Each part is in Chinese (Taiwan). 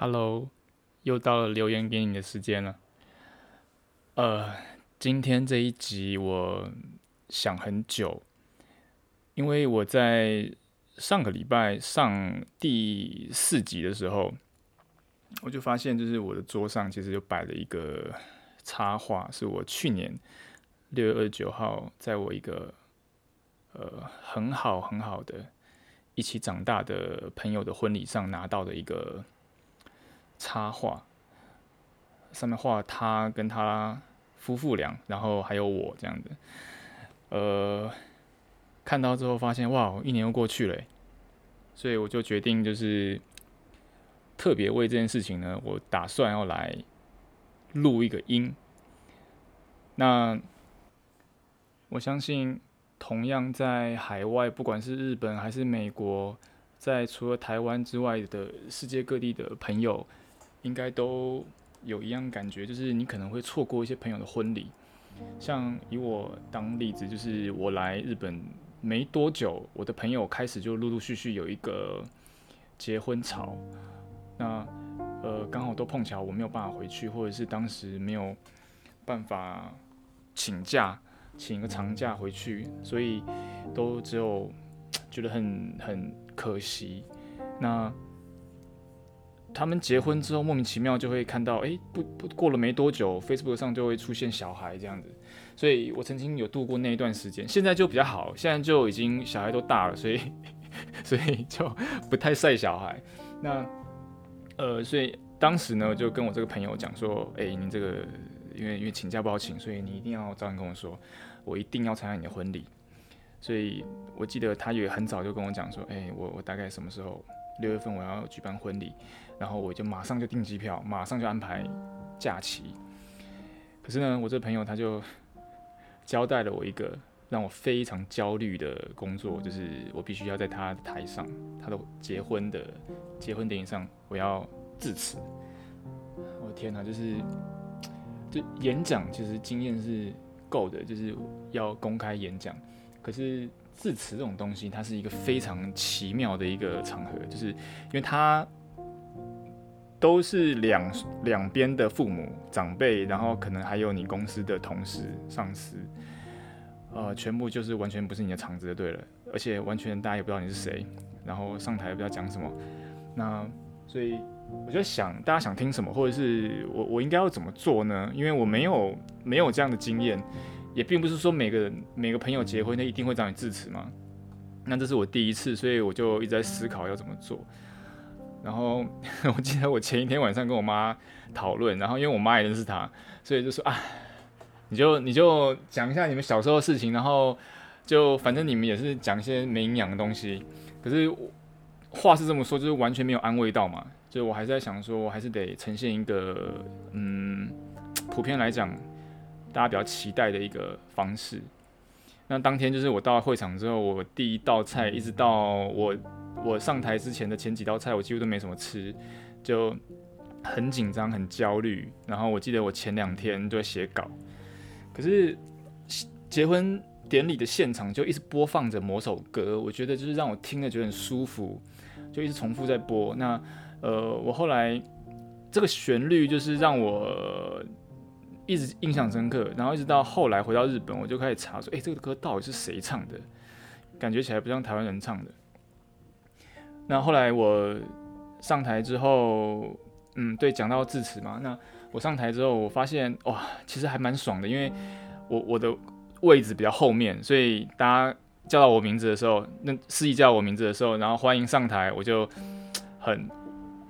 Hello，又到了留言給你的時間了。呃，今天這一集我想很久，因為我在上個禮拜上第四集的時候，我就發現，就是我的桌上其實就擺了一個插畫，是我去年六月二十九號在我一個呃很好很好的一起長大的朋友的婚禮上拿到的一個。插畫上面畫他跟他夫婦倆，然後還有我這樣子。呃，看到之後發現，哇，一年又過去了。所以我就決定，就是特別為這件事情呢，我打算要來錄一個音。那我相信，同樣在海外，不管是日本還是美國，在除了台灣之外的世界各地的朋友。應該都有一樣感覺，就是你可能會錯過一些朋友的婚禮。像以我當例子，就是我來日本沒多久，我的朋友開始就陸陸續續有一個結婚潮。那呃，剛好都碰巧我沒有辦法回去，或者是當時沒有辦法請假，請一個長假回去，所以都只有覺得很很可惜。那。他們結婚之後，莫名其妙就會看到，哎、欸，不不過了沒多久，Facebook 上就會出現小孩這樣子，所以我曾經有度過那一段時間，現在就比較好，現在就已經小孩都大了，所以所以就不太曬小孩。那呃，所以當時呢，就跟我這個朋友講說，哎、欸，你這個因為因為請假不好請，所以你一定要早點跟我說，我一定要參加你的婚禮。所以我記得他也很早就跟我講說，哎、欸，我我大概什麼時候？六月份我要舉辦婚禮，然後我就馬上就訂機票，馬上就安排假期。可是呢，我這朋友他就交代了我一個讓我非常焦慮的工作，就是我必須要在他的台上，他的結婚的結婚典禮上，我要致辭。我的天哪，就是就演講，其實經驗是夠的，就是要公開演講，可是。致辭這種東西，它是一個非常奇妙的一個場合，就是因為它都是兩兩邊的父母長輩，然後可能還有你公司的同事上司，呃，全部就是完全不是你的場子就對了，而且完全大家也不知道你是誰，然後上台也不知道講什麼，那所以我就想大家想聽什麼，或者是我我應該要怎麼做呢？因為我沒有沒有這樣的經驗。也並不是說每個人、每個朋友結婚，他一定會找你致辭嘛？那這是我第一次，所以我就一直在思考要怎麼做。然後我記得我前一天晚上跟我媽討論，然後因為我媽也認識他，所以就說啊，你就你就講一下你們小時候的事情，然後就反正你們也是講一些沒營養的東西。可是話是這麼說，就是完全沒有安慰到嘛。就是我還是在想說，說我還是得呈現一個嗯，普遍來講。大家比較期待的一個方式。那當天就是我到了會場之後，我第一道菜一直到我我上台之前的前幾道菜，我幾乎都沒什麼吃，就很緊張、很焦慮。然後我記得我前兩天就在寫稿，可是結婚典禮的現場就一直播放着某首歌，我覺得就是讓我聽了覺得很舒服，就一直重複在播。那呃，我後來這個旋律就是讓我。一直印象深刻，然後一直到後來回到日本，我就開始查說，哎、欸，這個歌到底是誰唱的？感覺起來不像台灣人唱的。那後來我上台之後，嗯，對，講到致辭嘛。那我上台之後，我發現哇，其實還蠻爽的，因為我我的位置比較後面，所以大家叫到我名字的時候，那司儀叫我名字的時候，然後歡迎上台，我就很，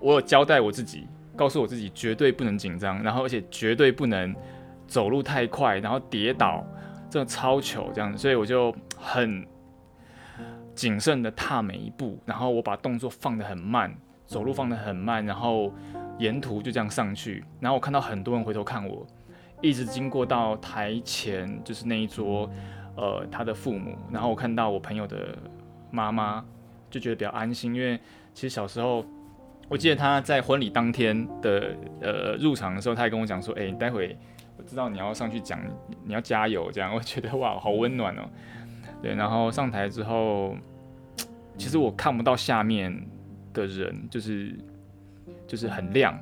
我有交代我自己。告訴我自己絕對不能緊張，然後而且絕對不能走路太快，然後跌倒，真的超糗這樣子，所以我就很謹慎的踏每一步，然後我把動作放得很慢，走路放得很慢，然後沿途就這樣上去，然後我看到很多人回頭看我，一直經過到台前就是那一桌，呃，他的父母，然後我看到我朋友的媽媽，就覺得比較安心，因為其實小時候。我記得他在婚禮當天的呃入場的時候，他還跟我講說：“哎、欸，待會我知道你要上去講，你要加油。”這樣，我覺得哇，好溫暖哦。對，然後上台之後，其實我看不到下面的人，就是就是很亮，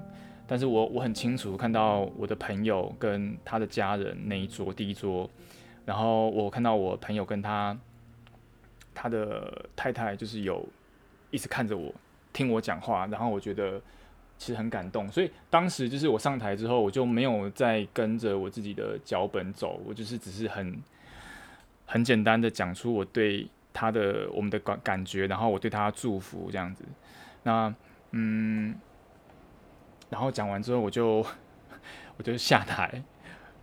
但是我我很清楚看到我的朋友跟他的家人那一桌第一桌，然後我看到我朋友跟他他的太太就是有一直看着我。聽我講話，然後我覺得其實很感動，所以當時就是我上台之後，我就沒有再跟着我自己的腳本走，我就是只是很很簡單的講出我對他的、我們的感感覺，然後我對他的祝福這樣子。那嗯，然後講完之後，我就我就下台，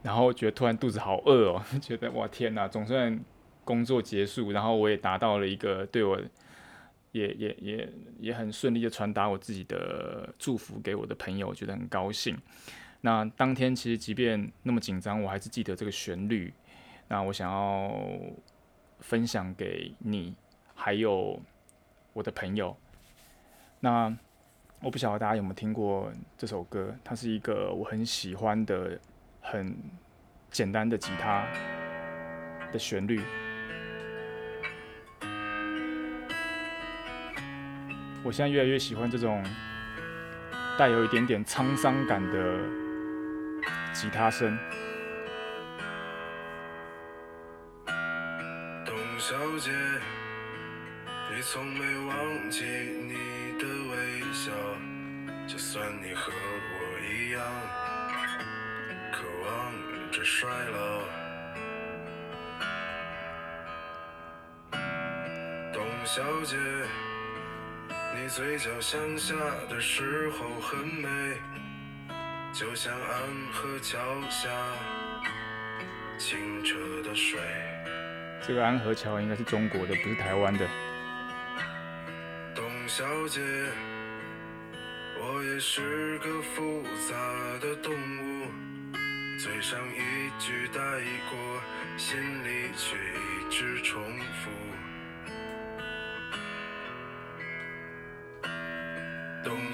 然後覺得突然肚子好餓哦，覺得哇天哪，總算工作結束，然後我也達到了一個對我。也也也也很順利的傳達我自己的祝福給我的朋友，我覺得很高興。那當天其實即便那麼緊張，我還是記得這個旋律。那我想要分享給你，還有我的朋友。那我不曉得大家有沒有聽過這首歌，它是一個我很喜歡的，很簡單的吉他的旋律。我現在越來越喜歡這種帶有一點點滄桑感的吉他聲。董小姐，你從沒忘記你的微笑，就算你和我一樣渴望着衰老。董小姐，你嘴角向下的時候很美，就像安和橋下清澈的水這個安和橋應該是中國的，不是台灣的。董小姐，我也是個複雜的動物，嘴上一句帶過，心裡卻一直重複。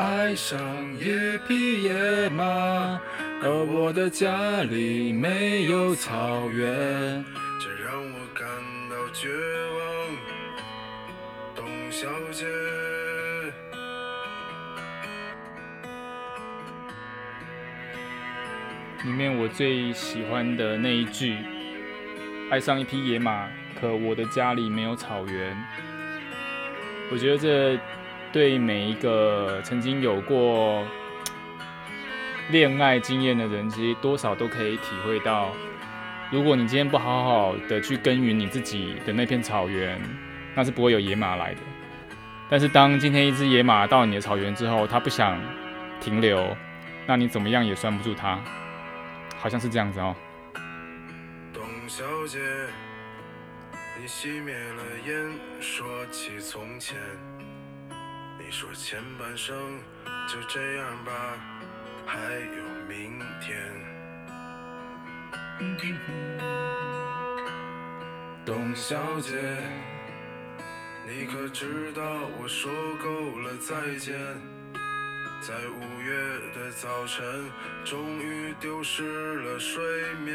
愛上一匹野馬，可我的家裡沒有草原，這讓我感到絕望。董小姐裡面我最喜歡的那一句，愛上一匹野馬，可我的家裡沒有草原，我覺得這對每一個曾經有過戀愛經驗的人，其實多少都可以體會到，如果你今天不好好的去耕耘你自己的那片草原，那是不會有野馬來的。但是當今天一隻野馬到你的草原之後，它不想停留，那你怎麼樣也拴不住它，好像是這樣子哦。董小姐，你熄滅了煙，說起從前。你說前半生就這樣吧，還有明天。董小姐，你可知道我說夠了再見，在五月的早晨，終於丟失了睡眠。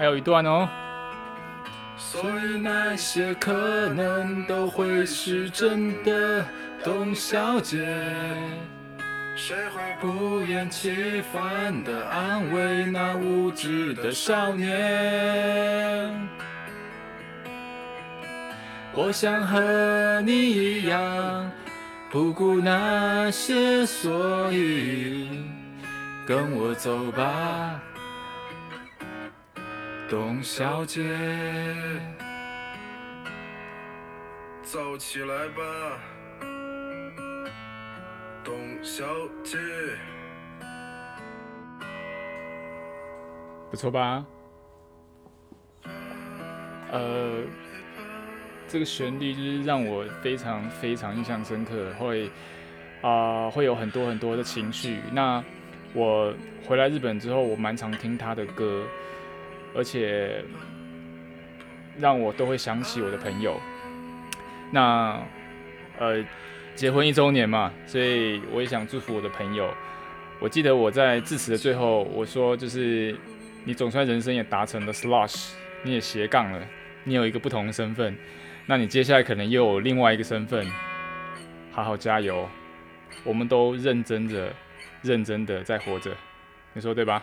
還有一段哦，所以那些可能都會是真的，董小姐，誰會不厭其煩的安慰那無知的少年，我想和你一樣不顧那些，所以跟我走吧。董小姐，走起來吧，董小姐，不錯吧？呃，這個旋律就是讓我非常非常印象深刻，會啊、呃、會有很多很多的情緒。那我回來日本之後，我蠻常聽他的歌。而且讓我都會想起我的朋友。那，呃，結婚一週年嘛，所以我也想祝福我的朋友。我記得我在致辭的最後我說，就是你總算人生也達成了 slash，你也斜槓了，你有一個不同的身份。那你接下來可能又有另外一個身份，好好加油。我們都認真着、認真的在活着，你說對吧？